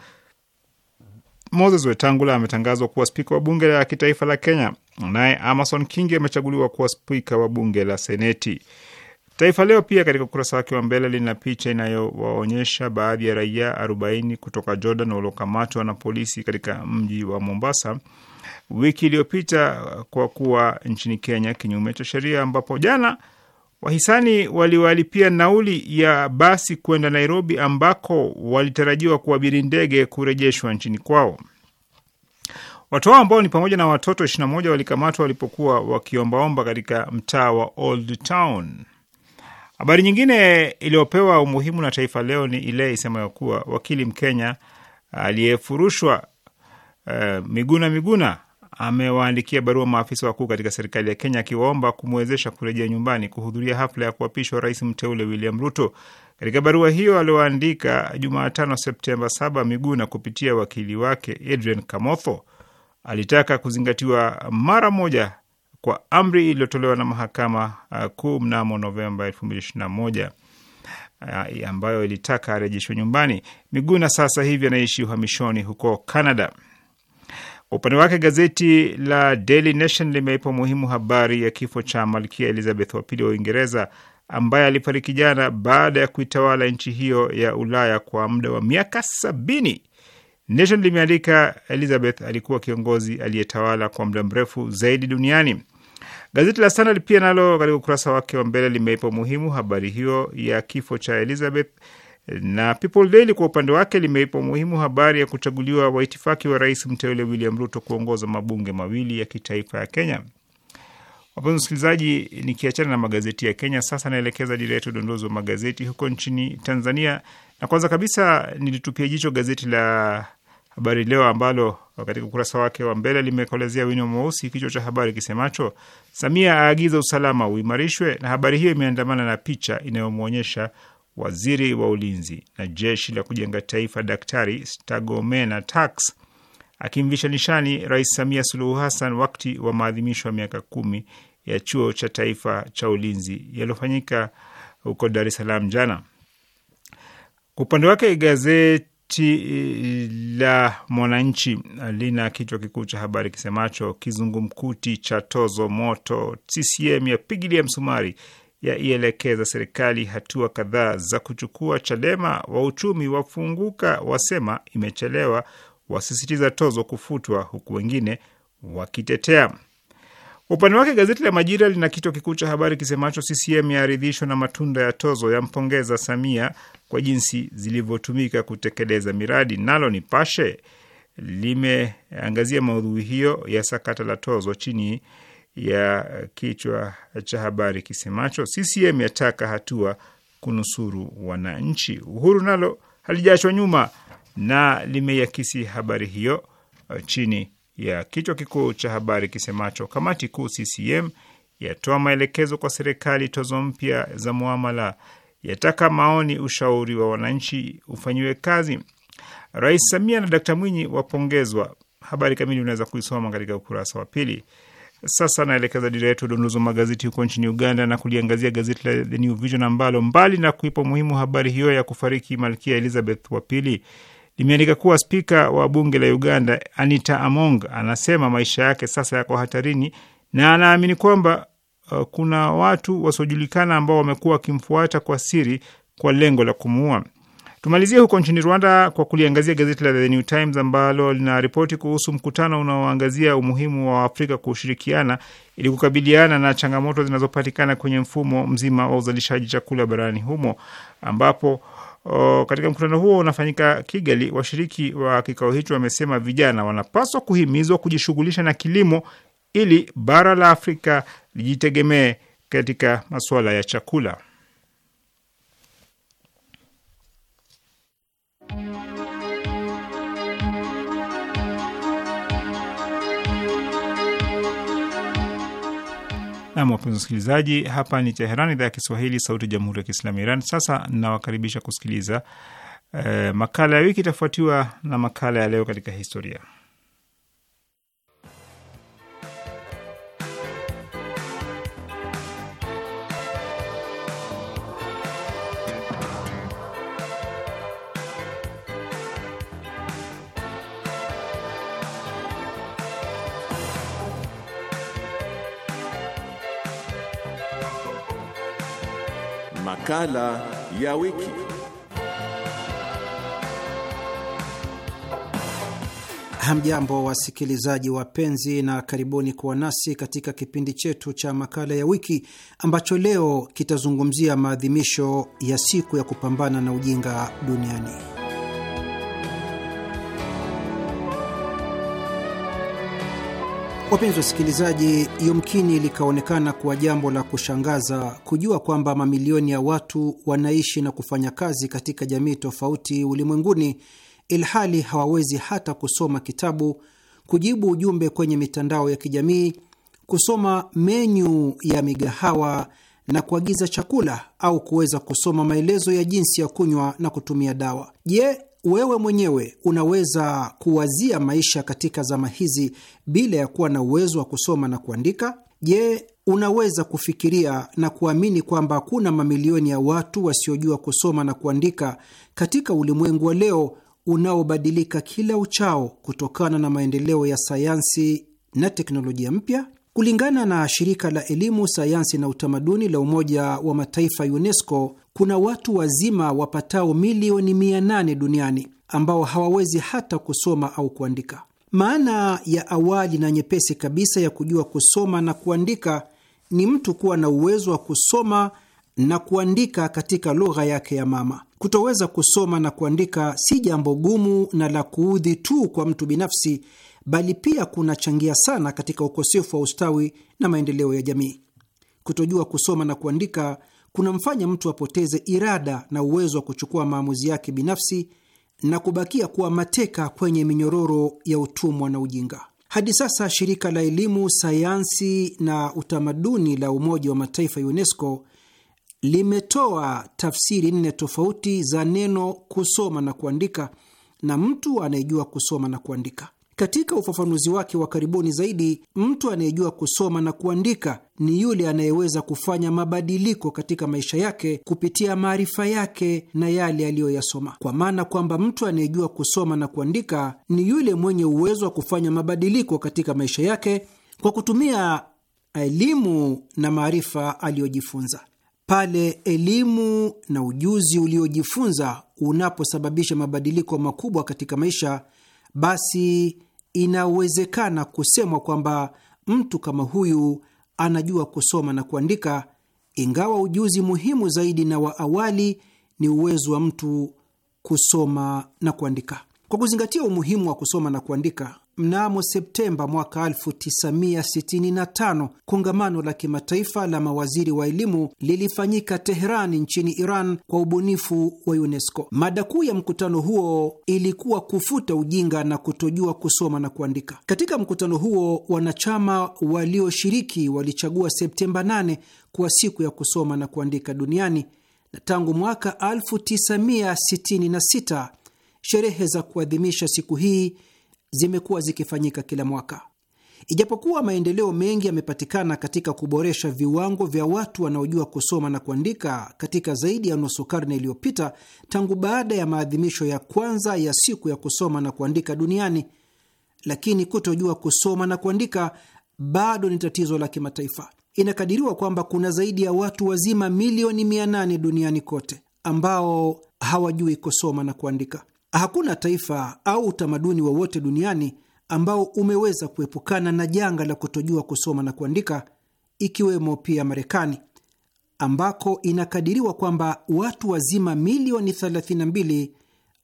Moses Wetangula ametangazwa kuwa spika wa bunge la kitaifa la Kenya, naye Amason Kingi amechaguliwa kuwa spika wa bunge la Seneti. Taifa Leo pia katika ukurasa wake wa mbele lina picha inayowaonyesha baadhi ya raia 4 kutoka Jordan waliokamatwa na polisi katika mji wa Mombasa wiki iliyopita kwa kuwa nchini Kenya kinyume cha sheria, ambapo jana Wahisani waliwalipia nauli ya basi kwenda Nairobi ambako walitarajiwa kuabiri ndege kurejeshwa nchini kwao. Watu hao ambao ni pamoja na watoto 21 walikamatwa walipokuwa wakiombaomba katika mtaa wa Old Town. Habari nyingine iliyopewa umuhimu na Taifa Leo ni ile isemayo kuwa wakili Mkenya aliyefurushwa uh, Miguna Miguna amewaandikia barua maafisa wakuu katika serikali ya Kenya akiwaomba kumwezesha kurejea nyumbani kuhudhuria hafla ya kuapishwa rais mteule William Ruto. Katika barua hiyo aliyoandika Jumatano Septemba 7, Miguna kupitia wakili wake Adrian Kamotho alitaka kuzingatiwa mara moja kwa amri iliyotolewa na mahakama uh, kuu mnamo Novemba 2021 uh, ambayo ilitaka arejeshwe nyumbani. Miguna sasa hivi anaishi uhamishoni huko Canada. Kwa upande wake gazeti la Daily Nation limeipa umuhimu habari ya kifo cha malkia Elizabeth wa pili wa Uingereza ambaye alifariki jana baada ya kuitawala nchi hiyo ya Ulaya kwa muda wa miaka sabini. Nation limeandika Elizabeth alikuwa kiongozi aliyetawala kwa muda mrefu zaidi duniani. Gazeti la Standard pia nalo katika ukurasa wake wa mbele limeipa umuhimu habari hiyo ya kifo cha Elizabeth na People Daily kwa upande wake limeipa umuhimu habari ya kuchaguliwa waitifaki wa rais mteule William Ruto kuongoza mabunge mawili ya kitaifa ya Kenya. Wapenzi msikilizaji, nikiachana na magazeti ya Kenya, sasa naelekeza dira yetu udondozi wa magazeti huko nchini Tanzania, na kwanza kabisa nilitupia jicho gazeti la Habari Leo ambalo katika ukurasa wake wa mbele limekolezea wino mweusi kichwa cha habari kisemacho Samia aagiza usalama uimarishwe, na habari hiyo imeandamana na picha inayomwonyesha waziri wa ulinzi na jeshi la kujenga taifa Daktari stagomena Tax akimvisha nishani Rais Samia Suluhu Hassan wakati wa maadhimisho ya miaka kumi ya chuo cha taifa cha ulinzi yaliyofanyika huko Dar es Salaam jana. Kwa upande wake gazeti eh, la Mwananchi eh, lina kichwa kikuu cha habari kisemacho kizungumkuti cha tozo moto, CCM yapigilia msumari yaielekeza serikali hatua kadhaa za kuchukua. Chadema wa uchumi wafunguka, wasema imechelewa, wasisitiza tozo kufutwa, huku wengine wakitetea. Upande wake gazeti la Majira lina kichwa kikuu cha habari kisemacho CCM yaridhishwa na matunda ya tozo, yampongeza Samia kwa jinsi zilivyotumika kutekeleza miradi. Nalo Nipashe limeangazia maudhui hiyo ya sakata la tozo chini ya kichwa cha habari kisemacho CCM yataka hatua kunusuru wananchi. Uhuru nalo halijaachwa nyuma na limeiakisi habari hiyo uh, chini ya kichwa kikuu cha habari kisemacho kamati kuu CCM yatoa maelekezo kwa serikali tozo mpya za muamala, yataka maoni, ushauri wa wananchi ufanyiwe kazi. Rais Samia na Dkt Mwinyi wapongezwa. Habari kamili unaweza kuisoma katika ukurasa wa pili. Sasa naelekeza dira yetu udunduzi wa magazeti huko nchini Uganda na kuliangazia gazeti la The New Vision ambalo mbali na kuipa umuhimu habari hiyo ya kufariki Malkia Elizabeth wa pili limeandika kuwa spika wa bunge la Uganda Anita Among anasema maisha yake sasa yako hatarini na anaamini kwamba uh, kuna watu wasiojulikana ambao wamekuwa wakimfuata kwa siri kwa lengo la kumuua. Tumalizie huko nchini Rwanda kwa kuliangazia gazeti la The New Times ambalo lina ripoti kuhusu mkutano unaoangazia umuhimu wa Afrika kushirikiana ili kukabiliana na changamoto zinazopatikana kwenye mfumo mzima wa uzalishaji chakula barani humo, ambapo o, katika mkutano huo unafanyika Kigali, washiriki wa kikao hicho wamesema vijana wanapaswa kuhimizwa kujishughulisha na kilimo ili bara la Afrika lijitegemee katika masuala ya chakula. Nam, wapenzi wasikilizaji, hapa ni Teheran, idhaa ya Kiswahili, sauti ya jamhuri ya kiislamu ya Iran. Sasa nawakaribisha kusikiliza eh, makala ya wiki, itafuatiwa na makala ya leo katika historia makala ya wiki. Hamjambo wasikilizaji wapenzi, na karibuni kuwa nasi katika kipindi chetu cha makala ya wiki ambacho leo kitazungumzia maadhimisho ya siku ya kupambana na ujinga duniani. Wapenzi wasikilizaji, yumkini likaonekana kuwa jambo la kushangaza kujua kwamba mamilioni ya watu wanaishi na kufanya kazi katika jamii tofauti ulimwenguni, ilhali hawawezi hata kusoma kitabu, kujibu ujumbe kwenye mitandao ya kijamii, kusoma menyu ya migahawa na kuagiza chakula au kuweza kusoma maelezo ya jinsi ya kunywa na kutumia dawa. Je, wewe mwenyewe unaweza kuwazia maisha katika zama hizi bila ya kuwa na uwezo wa kusoma na kuandika? Je, unaweza kufikiria na kuamini kwamba kuna mamilioni ya watu wasiojua kusoma na kuandika katika ulimwengu wa leo unaobadilika kila uchao kutokana na maendeleo ya sayansi na teknolojia mpya? Kulingana na shirika la elimu, sayansi na utamaduni la Umoja wa Mataifa, UNESCO, kuna watu wazima wapatao milioni 800 duniani ambao hawawezi hata kusoma au kuandika. Maana ya awali na nyepesi kabisa ya kujua kusoma na kuandika ni mtu kuwa na uwezo wa kusoma na kuandika katika lugha yake ya mama. Kutoweza kusoma na kuandika si jambo gumu na la kuudhi tu kwa mtu binafsi, bali pia kunachangia sana katika ukosefu wa ustawi na maendeleo ya jamii. Kutojua kusoma na kuandika kunamfanya mtu apoteze irada na uwezo wa kuchukua maamuzi yake binafsi na kubakia kuwa mateka kwenye minyororo ya utumwa na ujinga. Hadi sasa shirika la elimu, sayansi na utamaduni la Umoja wa Mataifa UNESCO limetoa tafsiri nne tofauti za neno kusoma na kuandika, na mtu anayejua kusoma na kuandika katika ufafanuzi wake wa karibuni zaidi, mtu anayejua kusoma na kuandika ni yule anayeweza kufanya mabadiliko katika maisha yake kupitia maarifa yake na yale aliyoyasoma, kwa maana kwamba mtu anayejua kusoma na kuandika ni yule mwenye uwezo wa kufanya mabadiliko katika maisha yake kwa kutumia elimu na maarifa aliyojifunza. Pale elimu na ujuzi uliojifunza unaposababisha mabadiliko makubwa katika maisha, basi inawezekana kusemwa kwamba mtu kama huyu anajua kusoma na kuandika, ingawa ujuzi muhimu zaidi na wa awali ni uwezo wa mtu kusoma na kuandika. Kwa kuzingatia umuhimu wa kusoma na kuandika, mnamo Septemba mwaka 1965 kongamano la kimataifa la mawaziri wa elimu lilifanyika Teherani nchini Iran kwa ubunifu wa UNESCO. Mada kuu ya mkutano huo ilikuwa kufuta ujinga na kutojua kusoma na kuandika. Katika mkutano huo, wanachama walioshiriki walichagua Septemba 8 kuwa siku ya kusoma na kuandika duniani na tangu mwaka 1966 sherehe za kuadhimisha siku hii zimekuwa zikifanyika kila mwaka. Ijapokuwa maendeleo mengi yamepatikana katika kuboresha viwango vya watu wanaojua kusoma na kuandika katika zaidi ya nusu karne iliyopita tangu baada ya maadhimisho ya kwanza ya siku ya kusoma na kuandika duniani, lakini kutojua kusoma na kuandika bado ni tatizo la kimataifa. Inakadiriwa kwamba kuna zaidi ya watu wazima milioni 800 duniani kote ambao hawajui kusoma na kuandika. Hakuna taifa au utamaduni wowote duniani ambao umeweza kuepukana na janga la kutojua kusoma na kuandika, ikiwemo pia Marekani ambako inakadiriwa kwamba watu wazima milioni 32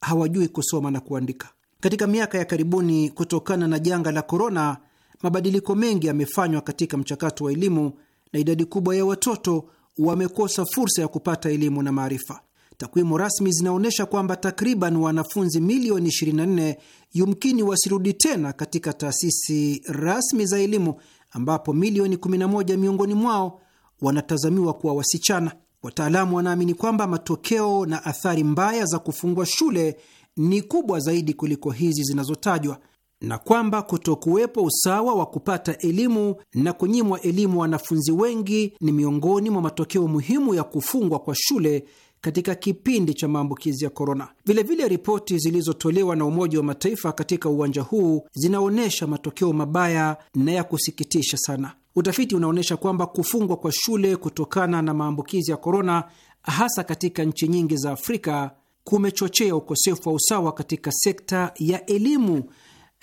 hawajui kusoma na kuandika. Katika miaka ya karibuni, kutokana na janga la korona, mabadiliko mengi yamefanywa katika mchakato wa elimu na idadi kubwa ya watoto wamekosa fursa ya kupata elimu na maarifa. Takwimu rasmi zinaonyesha kwamba takriban wanafunzi milioni 24 yumkini wasirudi tena katika taasisi rasmi za elimu, ambapo milioni 11 miongoni mwao wanatazamiwa kuwa wasichana. Wataalamu wanaamini kwamba matokeo na athari mbaya za kufungwa shule ni kubwa zaidi kuliko hizi zinazotajwa na kwamba kutokuwepo usawa wa kupata elimu na kunyimwa elimu wanafunzi wengi ni miongoni mwa matokeo muhimu ya kufungwa kwa shule katika kipindi cha maambukizi ya korona. Vilevile, ripoti zilizotolewa na Umoja wa Mataifa katika uwanja huu zinaonyesha matokeo mabaya na ya kusikitisha sana. Utafiti unaonyesha kwamba kufungwa kwa shule kutokana na maambukizi ya korona, hasa katika nchi nyingi za Afrika, kumechochea ukosefu wa usawa katika sekta ya elimu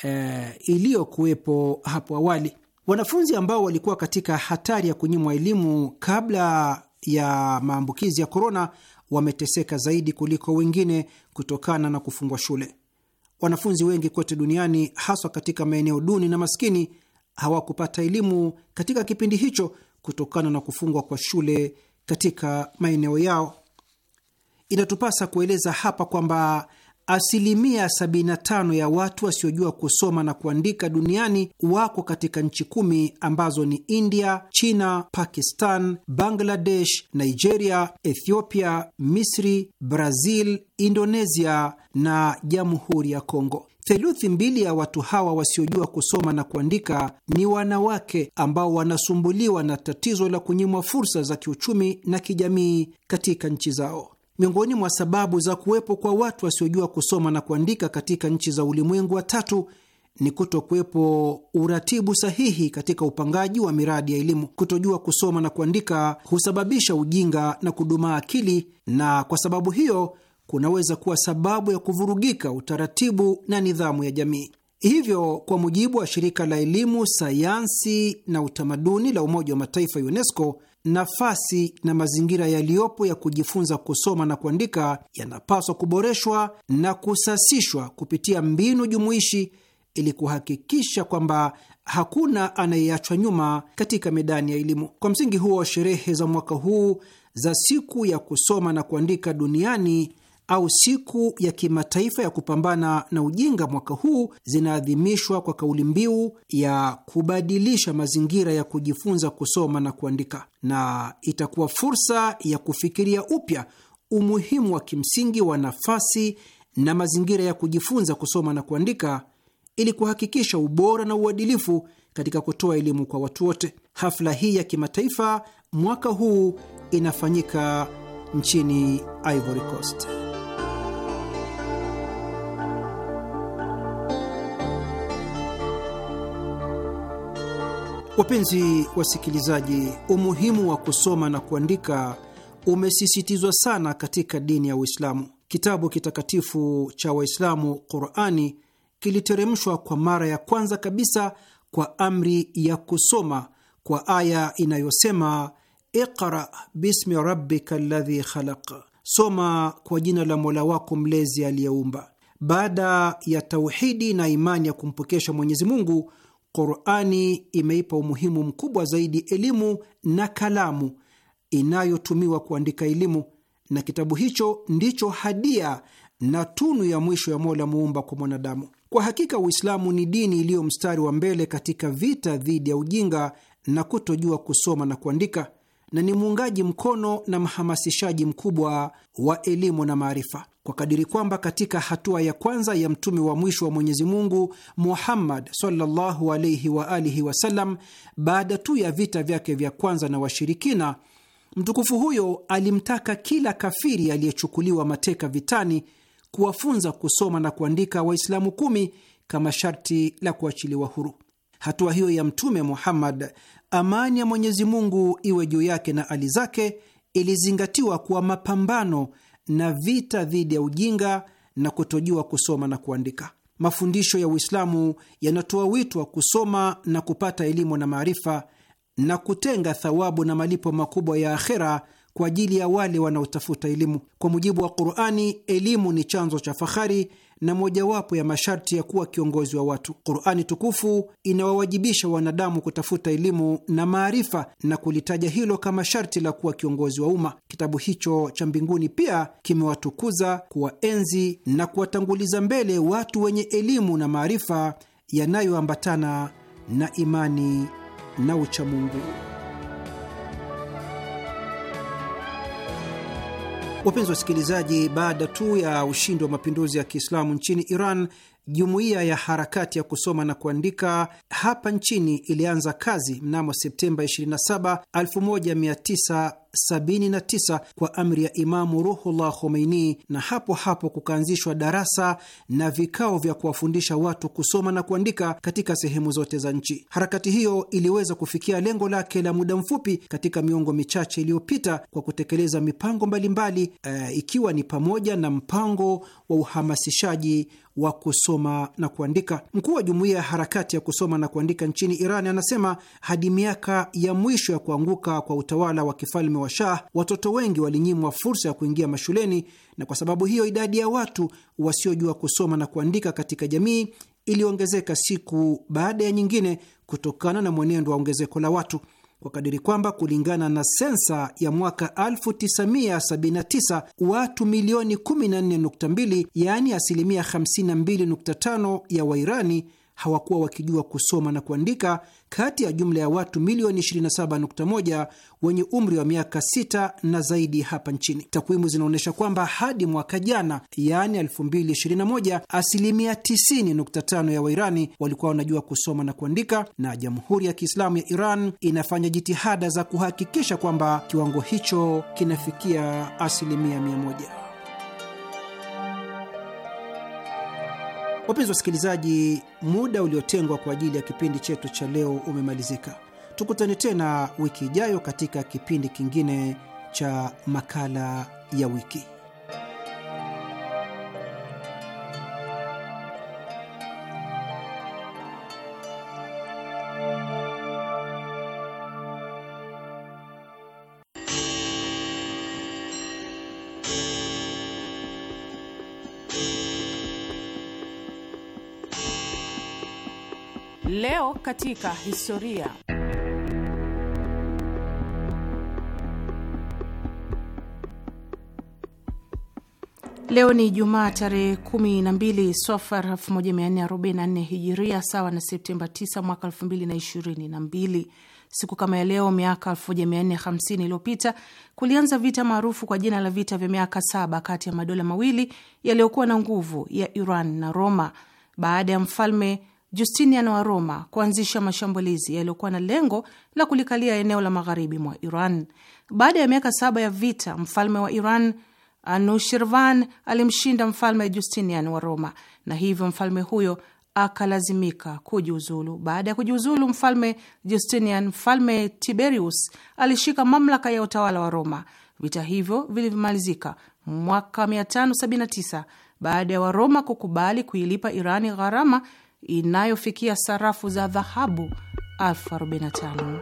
eh, iliyokuwepo hapo awali. Wanafunzi ambao walikuwa katika hatari ya kunyimwa elimu kabla ya maambukizi ya korona wameteseka zaidi kuliko wengine kutokana na kufungwa shule. Wanafunzi wengi kote duniani, haswa katika maeneo duni na maskini, hawakupata elimu katika kipindi hicho kutokana na kufungwa kwa shule katika maeneo yao. Inatupasa kueleza hapa kwamba Asilimia 75 ya watu wasiojua kusoma na kuandika duniani wako katika nchi kumi ambazo ni India, China, Pakistan, Bangladesh, Nigeria, Ethiopia, Misri, Brazil, Indonesia na Jamhuri ya Kongo. Theluthi mbili ya watu hawa wasiojua kusoma na kuandika ni wanawake ambao wanasumbuliwa na tatizo la kunyimwa fursa za kiuchumi na kijamii katika nchi zao. Miongoni mwa sababu za kuwepo kwa watu wasiojua kusoma na kuandika katika nchi za ulimwengu wa tatu ni kutokuwepo uratibu sahihi katika upangaji wa miradi ya elimu. Kutojua kusoma na kuandika husababisha ujinga na kudumaa akili, na kwa sababu hiyo kunaweza kuwa sababu ya kuvurugika utaratibu na nidhamu ya jamii. Hivyo, kwa mujibu wa shirika la elimu, sayansi na utamaduni la Umoja wa Mataifa, UNESCO, nafasi na mazingira yaliyopo ya kujifunza kusoma na kuandika yanapaswa kuboreshwa na kusasishwa kupitia mbinu jumuishi ili kuhakikisha kwamba hakuna anayeachwa nyuma katika medani ya elimu. Kwa msingi huo, sherehe za mwaka huu za siku ya kusoma na kuandika duniani au siku ya kimataifa ya kupambana na ujinga mwaka huu zinaadhimishwa kwa kauli mbiu ya kubadilisha mazingira ya kujifunza kusoma na kuandika, na itakuwa fursa ya kufikiria upya umuhimu wa kimsingi wa nafasi na mazingira ya kujifunza kusoma na kuandika ili kuhakikisha ubora na uadilifu katika kutoa elimu kwa watu wote. Hafla hii ya kimataifa mwaka huu inafanyika nchini Ivory Coast. Wapenzi wasikilizaji, umuhimu wa kusoma na kuandika umesisitizwa sana katika dini ya Uislamu. Kitabu kitakatifu cha Waislamu, Qurani, kiliteremshwa kwa mara ya kwanza kabisa kwa amri ya kusoma kwa aya inayosema iqra bismi rabbika ladhi khalaq, soma kwa jina la mola wako mlezi aliyeumba. Baada ya tauhidi na imani ya kumpokesha Mwenyezi Mungu, Qurani imeipa umuhimu mkubwa zaidi elimu na kalamu inayotumiwa kuandika elimu, na kitabu hicho ndicho hadia na tunu ya mwisho ya Mola muumba kwa mwanadamu. Kwa hakika Uislamu ni dini iliyo mstari wa mbele katika vita dhidi ya ujinga na kutojua kusoma na kuandika, na ni muungaji mkono na mhamasishaji mkubwa wa elimu na maarifa kwa kadiri kwamba katika hatua ya kwanza ya mtume wa mwisho wa Mwenyezi Mungu Muhammad sallallahu alaihi wa alihi wasallam, baada tu ya vita vyake vya kwanza na washirikina, mtukufu huyo alimtaka kila kafiri aliyechukuliwa mateka vitani kuwafunza kusoma na kuandika Waislamu kumi kama sharti la kuachiliwa huru. Hatua hiyo ya Mtume Muhammad, amani ya Mwenyezi Mungu iwe juu yake na ali zake, ilizingatiwa kuwa mapambano na vita dhidi ya ujinga na kutojua kusoma na kuandika. Mafundisho ya Uislamu yanatoa wito wa kusoma na kupata elimu na maarifa na kutenga thawabu na malipo makubwa ya akhera kwa ajili ya wale wanaotafuta elimu. Kwa mujibu wa Qurani, elimu ni chanzo cha fahari na mojawapo ya masharti ya kuwa kiongozi wa watu. Qurani tukufu inawawajibisha wanadamu kutafuta elimu na maarifa na kulitaja hilo kama sharti la kuwa kiongozi wa umma. Kitabu hicho cha mbinguni pia kimewatukuza, kuwaenzi na kuwatanguliza mbele watu wenye elimu na maarifa yanayoambatana na imani na uchamungu. Wapenzi wasikilizaji, baada tu ya ushindi wa mapinduzi ya Kiislamu nchini Iran Jumuiya ya harakati ya kusoma na kuandika hapa nchini ilianza kazi mnamo Septemba 27, 1979 kwa amri ya Imamu Ruhullah Khomeini, na hapo hapo kukaanzishwa darasa na vikao vya kuwafundisha watu kusoma na kuandika katika sehemu zote za nchi. Harakati hiyo iliweza kufikia lengo lake la muda mfupi katika miongo michache iliyopita kwa kutekeleza mipango mbalimbali mbali, uh, eh, ikiwa ni pamoja na mpango wa uhamasishaji wa kusoma na kuandika. Mkuu wa jumuiya ya harakati ya kusoma na kuandika nchini Iran anasema hadi miaka ya mwisho ya kuanguka kwa utawala wa kifalme wa Shah, watoto wengi walinyimwa fursa ya kuingia mashuleni, na kwa sababu hiyo idadi ya watu wasiojua kusoma na kuandika katika jamii iliongezeka siku baada ya nyingine kutokana na mwenendo wa ongezeko la watu kwa kadiri kwamba kulingana na sensa ya mwaka 1979 watu milioni 14.2 yaani asilimia 52.5 ya Wairani hawakuwa wakijua kusoma na kuandika kati ya jumla ya watu milioni 27.1 wenye umri wa miaka 6 na zaidi hapa nchini. Takwimu zinaonyesha kwamba hadi mwaka jana, yaani 2021, asilimia 90.5 ya Wairani walikuwa wanajua kusoma na kuandika, na Jamhuri ya Kiislamu ya Iran inafanya jitihada za kuhakikisha kwamba kiwango hicho kinafikia asilimia 100. Wapenzi wasikilizaji, muda uliotengwa kwa ajili ya kipindi chetu cha leo umemalizika. Tukutane tena wiki ijayo katika kipindi kingine cha makala ya wiki. Leo katika historia. Leo ni Jumaa tarehe 12 Sofar 1444 Hijiria, sawa na Septemba 9 mwaka 2022. Siku kama ya leo miaka 1450 iliyopita kulianza vita maarufu kwa jina la vita vya miaka saba kati ya madola mawili yaliyokuwa na nguvu ya Iran na Roma. Baada ya mfalme Justinian wa Roma kuanzisha mashambulizi yaliyokuwa na lengo la kulikalia eneo la magharibi mwa Iran. Baada ya miaka saba ya vita, mfalme wa Iran Anushirvan alimshinda mfalme Justinian wa Roma, na hivyo mfalme huyo akalazimika kujiuzulu. Baada ya kujiuzulu mfalme Justinian, mfalme Tiberius alishika mamlaka ya utawala wa Roma. Vita hivyo vilivyomalizika mwaka 579 baada ya Waroma kukubali kuilipa Irani gharama inayofikia sarafu za dhahabu 45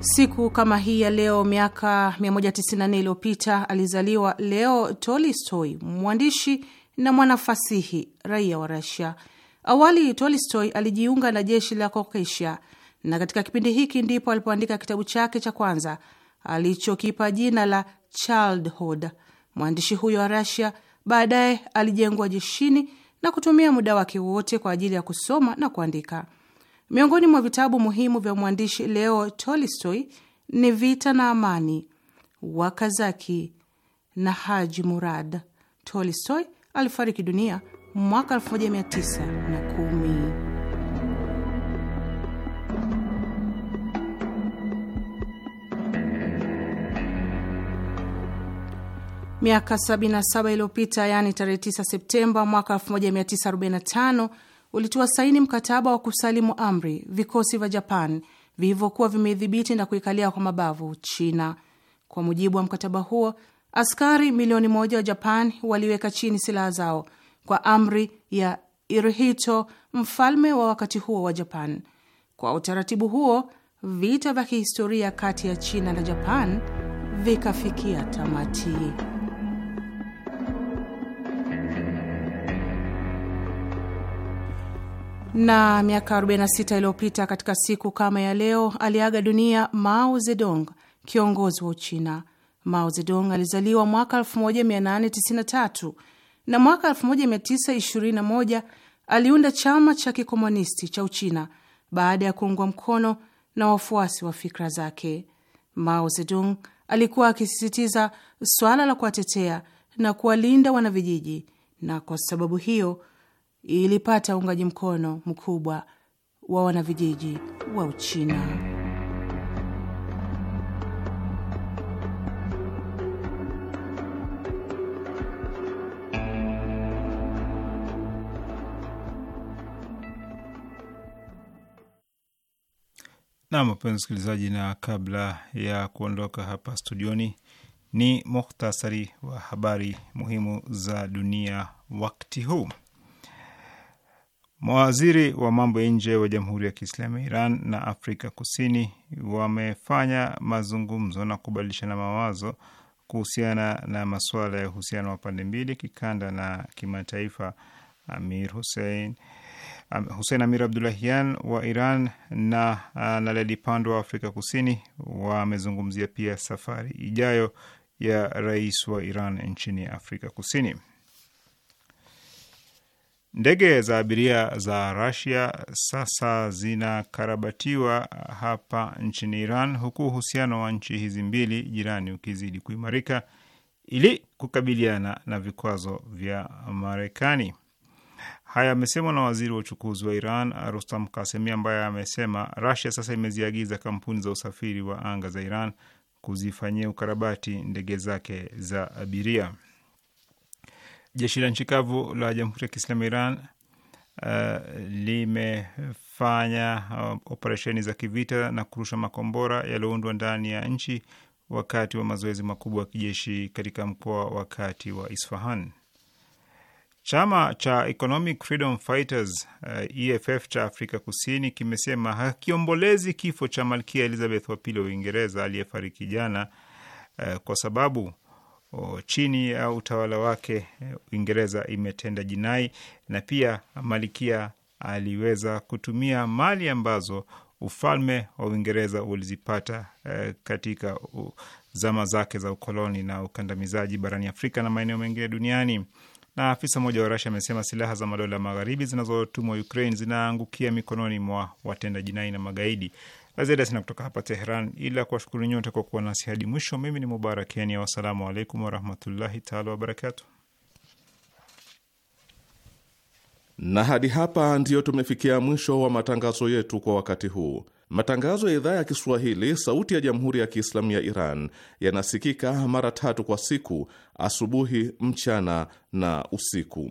Siku kama hii ya leo miaka 194 iliyopita alizaliwa Leo Tolistoi, mwandishi na mwanafasihi raia wa Rasia. Awali Tolistoi alijiunga na jeshi la Kokesha na katika kipindi hiki ndipo alipoandika kitabu chake cha kwanza alichokipa jina la Childhood. Mwandishi huyo wa Rasia baadaye alijengwa jeshini na kutumia muda wake wote kwa ajili ya kusoma na kuandika. Miongoni mwa vitabu muhimu vya mwandishi Leo Tolstoy ni Vita na Amani, Wakazaki na Haji Murad. Tolstoy alifariki dunia mwaka 1910. Miaka 77 iliyopita, yaani tarehe 9 Septemba mwaka 1945 ulitua saini mkataba wa kusalimu amri vikosi vya Japan vilivyokuwa vimeidhibiti na kuikalia kwa mabavu China. Kwa mujibu wa mkataba huo, askari milioni moja wa Japan waliweka chini silaha zao kwa amri ya Hirohito, mfalme wa wakati huo wa Japan. Kwa utaratibu huo, vita vya kihistoria kati ya China na Japan vikafikia tamati. na miaka 46 iliyopita katika siku kama ya leo aliaga dunia Mao Zedong, kiongozi wa Uchina. Mao Zedong alizaliwa mwaka 1893 na mwaka 1921 aliunda chama cha kikomunisti cha Uchina baada ya kuungwa mkono na wafuasi wa fikra zake. Mao Zedong alikuwa akisisitiza swala la kuwatetea na kuwalinda wanavijiji, na kwa sababu hiyo ilipata uungaji mkono mkubwa wa wanavijiji wa Uchina. Nam, wapenzi msikilizaji, na kabla ya kuondoka hapa studioni, ni muhtasari wa habari muhimu za dunia wakati huu. Mawaziri wa mambo ya nje wa Jamhuri ya Kiislamu ya Iran na Afrika Kusini wamefanya mazungumzo na kubadilishana mawazo kuhusiana na masuala ya uhusiano wa pande mbili, kikanda na kimataifa. Amir Hussein Hussein Amir Abdulahian wa Iran na ah, Naledi Pandor wa Afrika Kusini wamezungumzia pia safari ijayo ya rais wa Iran nchini Afrika Kusini. Ndege za abiria za Rasia sasa zinakarabatiwa hapa nchini Iran, huku uhusiano wa nchi hizi mbili jirani ukizidi kuimarika ili kukabiliana na vikwazo vya Marekani. Haya amesemwa na waziri wa uchukuzi wa Iran Rustam Kasemi, ambaye amesema Rasia sasa imeziagiza kampuni za usafiri wa anga za Iran kuzifanyia ukarabati ndege zake za abiria. Jeshi la nchi kavu la Jamhuri ya Kiislamu Iran uh, limefanya uh, operesheni za kivita na kurusha makombora yaliyoundwa ndani ya nchi wakati wa mazoezi makubwa ya kijeshi katika mkoa wa kati wa Isfahan. Chama cha Economic Freedom Fighters uh, EFF cha Afrika Kusini kimesema hakiombolezi kifo cha Malkia Elizabeth wa pili wa Uingereza aliyefariki jana uh, kwa sababu chini ya utawala wake Uingereza imetenda jinai, na pia malikia aliweza kutumia mali ambazo ufalme wa Uingereza ulizipata e, katika zama zake za ukoloni na ukandamizaji barani Afrika na maeneo mengine duniani. Na afisa mmoja wa Rasia amesema silaha za madola magharibi zinazotumwa Ukraine zinaangukia mikononi mwa watenda jinai na magaidi. La ziada sina kutoka hapa Tehran, ila kuwashukuru nyote kwa kuwa nasi hadi mwisho. Mimi ni Mubarak Mubarakeni, wassalamu alaikum warahmatullahi taala wabarakatu. Na hadi hapa ndiyo tumefikia mwisho wa matangazo yetu kwa wakati huu. Matangazo ya idhaa ya Kiswahili sauti ya jamhuri ya Kiislamu ya Iran yanasikika mara tatu kwa siku: asubuhi, mchana na usiku.